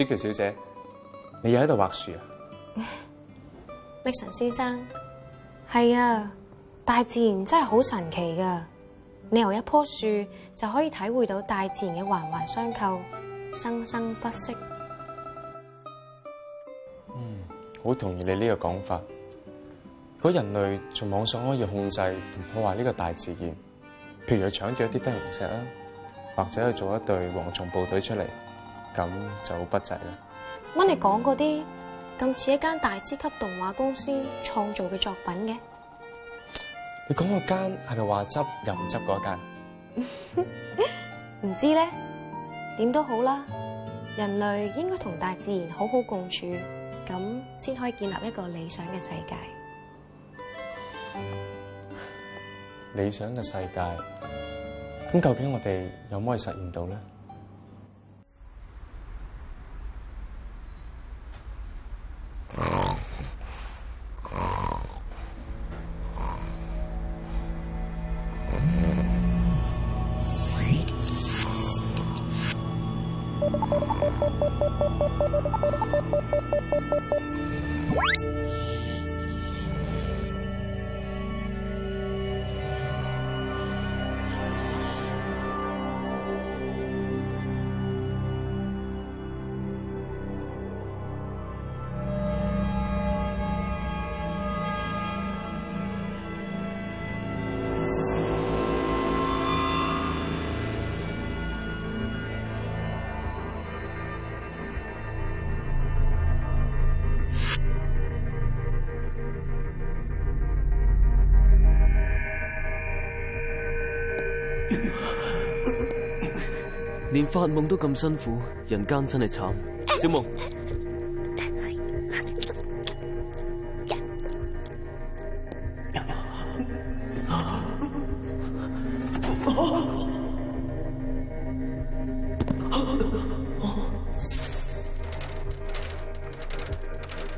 小喬小姐，你又喺度畫樹啊？Mixson 先生，係啊！大自然真係好神奇噶，你由一棵樹就可以體會到大自然嘅環環相扣、生生不息。嗯，好同意你呢個講法。如果人類仲妄想可以控制同破壞呢個大自然，譬如去搶咗啲飛行石啊，或者去做一隊蝗蟲部隊出嚟。咁就好不濟啦。乜、嗯、你講嗰啲咁似一間大師級動畫公司創造嘅作品嘅？你講嗰間係咪話執又唔執嗰一間？唔 知咧，點都好啦。人類應該同大自然好好共處，咁先可以建立一個理想嘅世界。嗯、理想嘅世界，咁究竟我哋有冇可以實現到咧？連發夢都咁辛苦，人間真係慘。小夢，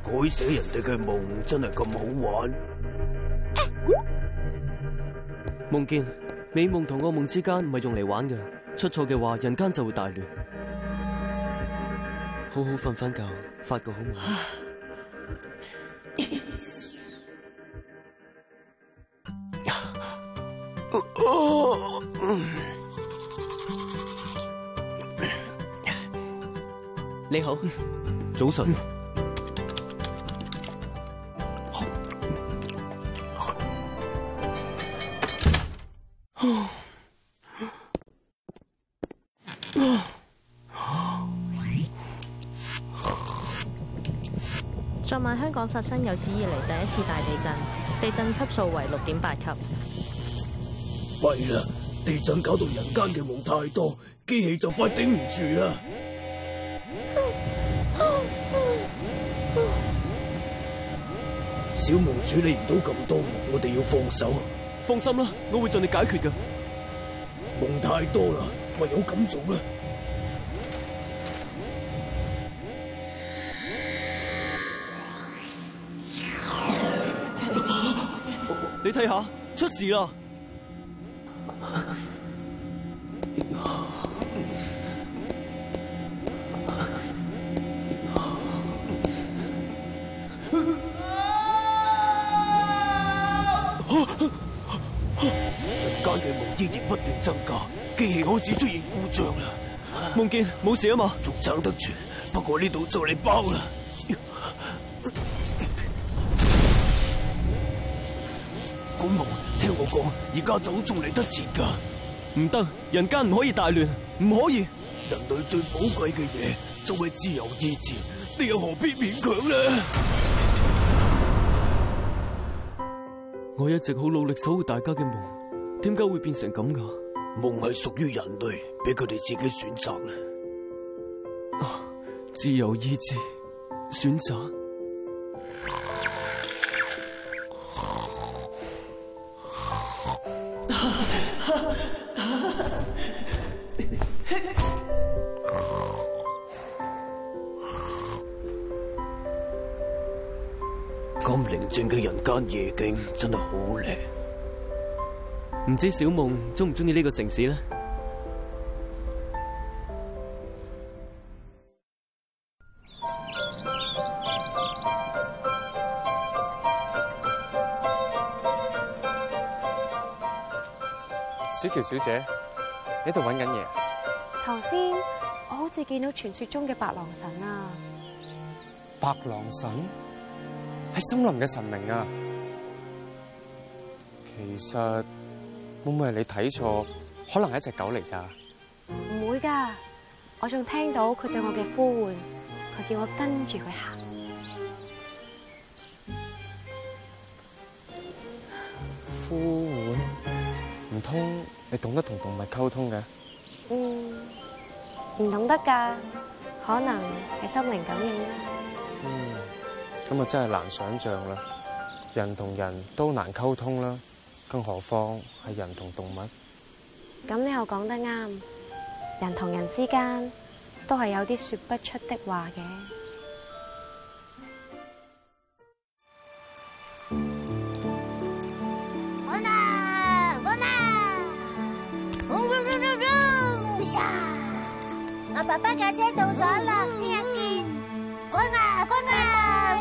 改寫人哋嘅夢真係咁好玩？夢 見美夢同惡夢之間，唔係用嚟玩嘅。出錯嘅話，人間就會大亂。好好瞓翻覺，發個好夢。 你好， 早晨。香港發生有史以嚟，第一次大地震，地震級數為六點八級。弊啦！地震搞到人間嘅夢太多，機器就快頂唔住啦。 小夢處理唔到咁多，我哋要放手。放心啦，我會盡力解決噶。夢太多啦，唯有咁做啦。你睇下，出事啦！人間嘅夢魘亦不斷增加，機器開始出現故障啦。夢見冇事啊嘛，仲撐得住，不過呢度就嚟包啦。聽我講，而家走仲嚟得切噶。唔得，人間唔可以大亂，唔可以。人類最寶貴嘅嘢就係自由意志，你又何必勉強呢？我一直好努力守護大家嘅夢，點解會變成咁噶？夢係屬於人類，俾佢哋自己選擇啦。自由意志，選擇。寧靜嘅人間夜景真係好靚，唔知小夢中唔中意呢個城市呢？小喬小姐，你喺度揾緊嘢？頭先我好似見到傳說中嘅白狼神啊！白狼神？係森林嘅神明啊！其實會唔會係你睇錯？可能係一隻狗嚟咋？唔會噶，我仲聽到佢對我嘅呼喚，佢叫我跟住佢行。呼喚？唔通你懂得同動物溝通嘅？嗯，唔懂得噶，可能係心靈感應啦。嗯。咁啊，真係難想象啦！人同人都難溝通啦，更何況係人同動物。咁你又講得啱，人同人之間都係有啲說不出的話嘅。滾啊！滾啊！滾滾滾滾滾！下，我爸爸架車到咗啦，聽日見。滾啊！滾啊！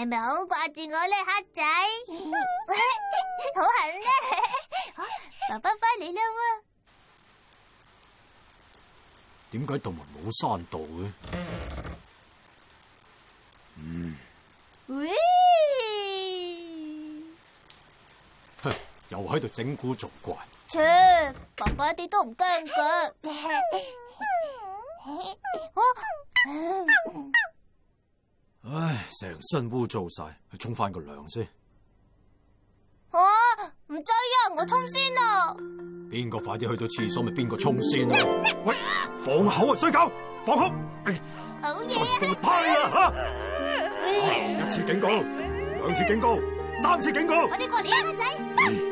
你咪好掛住我咧，黑仔，好狠咧！爸爸翻嚟啦，點解度門冇閂到咧？嗯，喂！哼，又喺度整蠱作怪。切，爸爸一啲都唔驚噶。我。唉，成身污糟晒，去沖翻個涼先。啊，唔制啊，我沖先啊。邊個快啲去到廁所咪邊個沖先？喂，放口啊，衰狗，放口。好嘢耶啊！快過嚟啊， 一次警告，兩次警告，三次警告。 快啲過嚟啊，仔。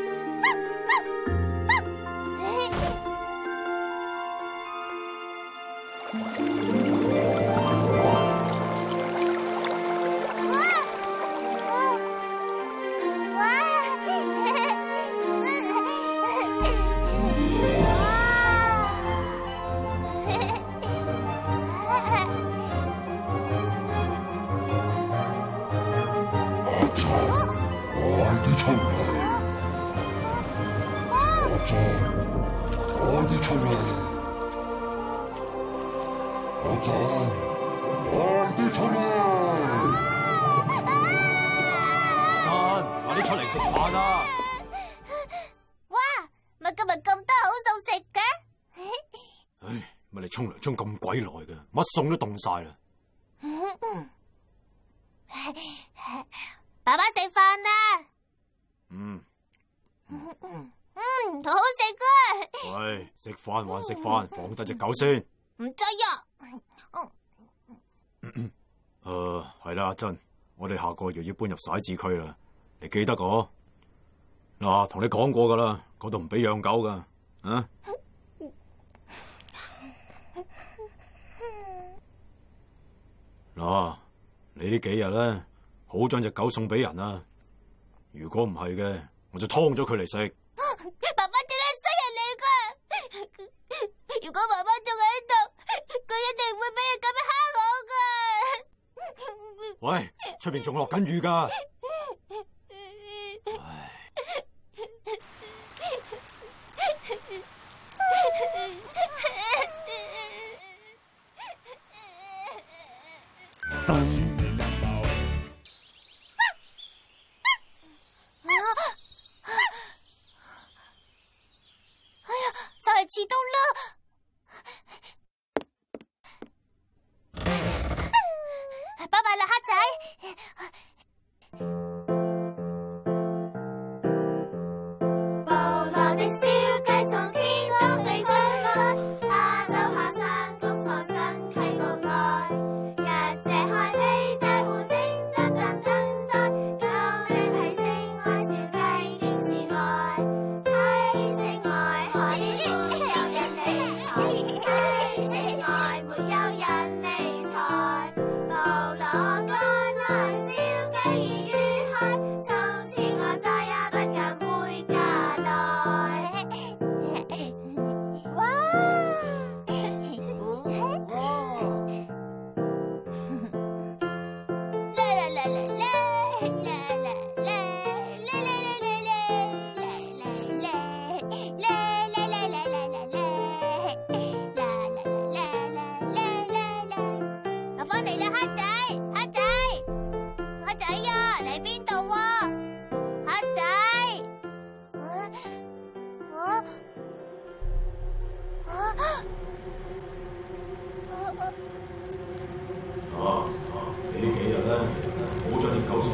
快啲出嚟，阿珍，快啲出嚟，阿珍，快啲出嚟，阿珍，快啲出嚟食飯啊！哇，咪今日咁多好餸食㗎，唉，咪你沖涼沖咁鬼耐㗎，乜餸都凍晒啦。爸爸食飯啦！嗯，嗯，嗯，好食噶。喂，食飯還食飯，放低隻狗先。唔制啊！嗯嗯，誒、啊，係啦、啊嗯啊，阿珍，我哋下個月要搬入骰子區啦，你記得噶？嗱，同你講過噶啦，嗰度唔俾養狗噶，啊！嗱、啊 啊，你幾呢幾日咧？好將隻狗送俾人啦，啊！如果唔係嘅，我就劏咗佢嚟食。爸爸、哦、真係衰人嚟噶！如果爸爸仲喺度，佢一定唔會俾人咁樣蝦我噶。喂，出邊仲落緊雨噶。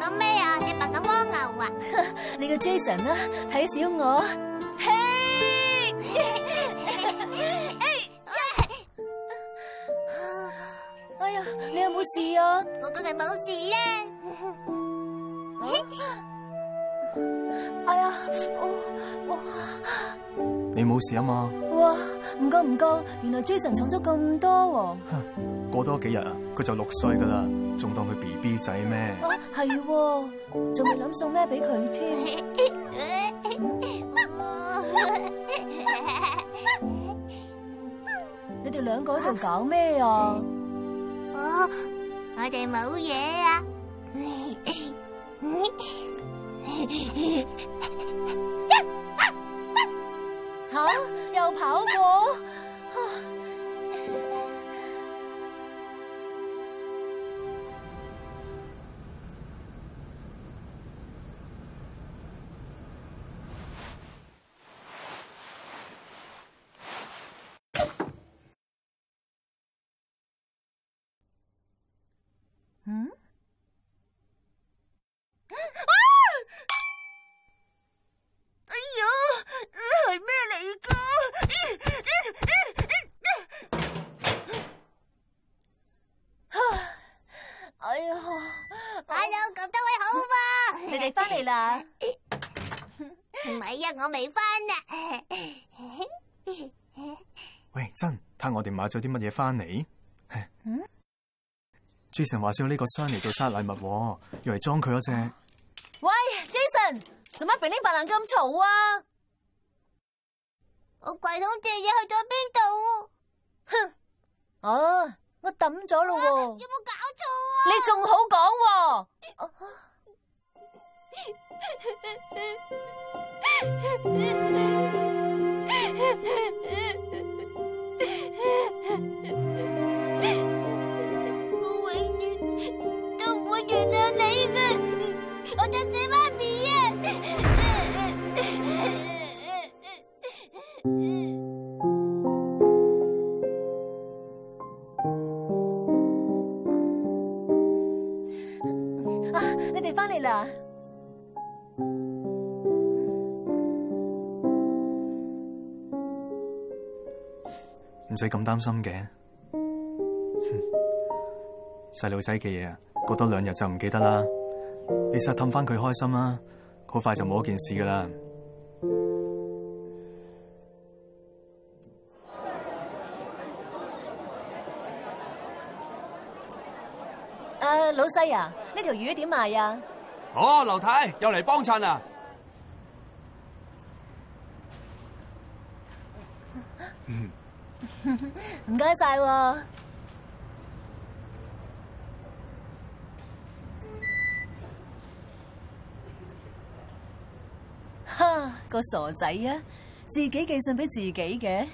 咁咩啊？你扮緊蝸牛啊？ 你個 Jason 啊？睇小我。 哎呀，你有冇事啊？我梗係冇事啦。 哎呀，我我 你冇事啊嘛？哇，唔夠唔夠，原來 Jason 長咗咁多喎。 過多幾日啊，佢就六歲噶啦。仲當佢 BB 仔咩？哦，係，仲未諗送咩俾佢添。你哋兩個喺度搞咩啊？哦，我哋冇嘢啊。好，又跑過。唔係啊，我未翻啊！ 喂，真，睇我哋買咗啲乜嘢翻嚟？嗯？Jason 話，需要呢個箱嚟做生日禮物，要嚟裝佢嗰隻。喂，Jason，做乜肥呢？白蘭咁嘈啊！我櫃桶嘅嘢去咗邊度？哼！哦，我抌咗咯喎！有冇搞錯啊？要要錯啊你仲好講，啊？ 我永遠都唔會原諒你嘅，我真死媽咪啊！啊，你哋翻嚟啦。唔使咁擔心嘅，細路仔嘅嘢啊，過多兩日就唔記得啦。你實氹翻佢開心啦，好快就冇一件事噶啦。誒、呃，老細啊，呢條魚點賣啊？哦，劉太又嚟幫襯啊！唔該晒，哈 個傻仔啊，自己寄信俾自己嘅。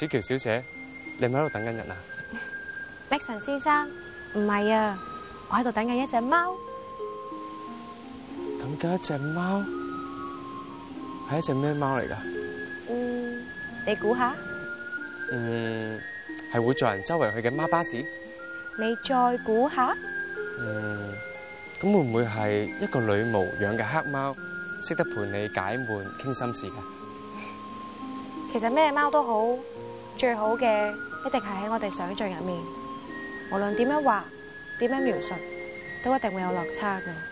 小喬小姐，你咪喺度等緊人啊？Mixson 先生，唔係啊，我喺度等緊一隻貓。等緊一隻貓？係一隻咩貓嚟噶？嗯，你估下。嗯，係會助人周圍去嘅貓巴士？你再估下。嗯，咁會唔會係一個女巫養嘅黑貓，識得陪你解悶傾心事噶？其實咩貓都好。最好嘅一定係喺我哋想象入面，無論點樣畫、點樣描述，都一定會有落差嘅。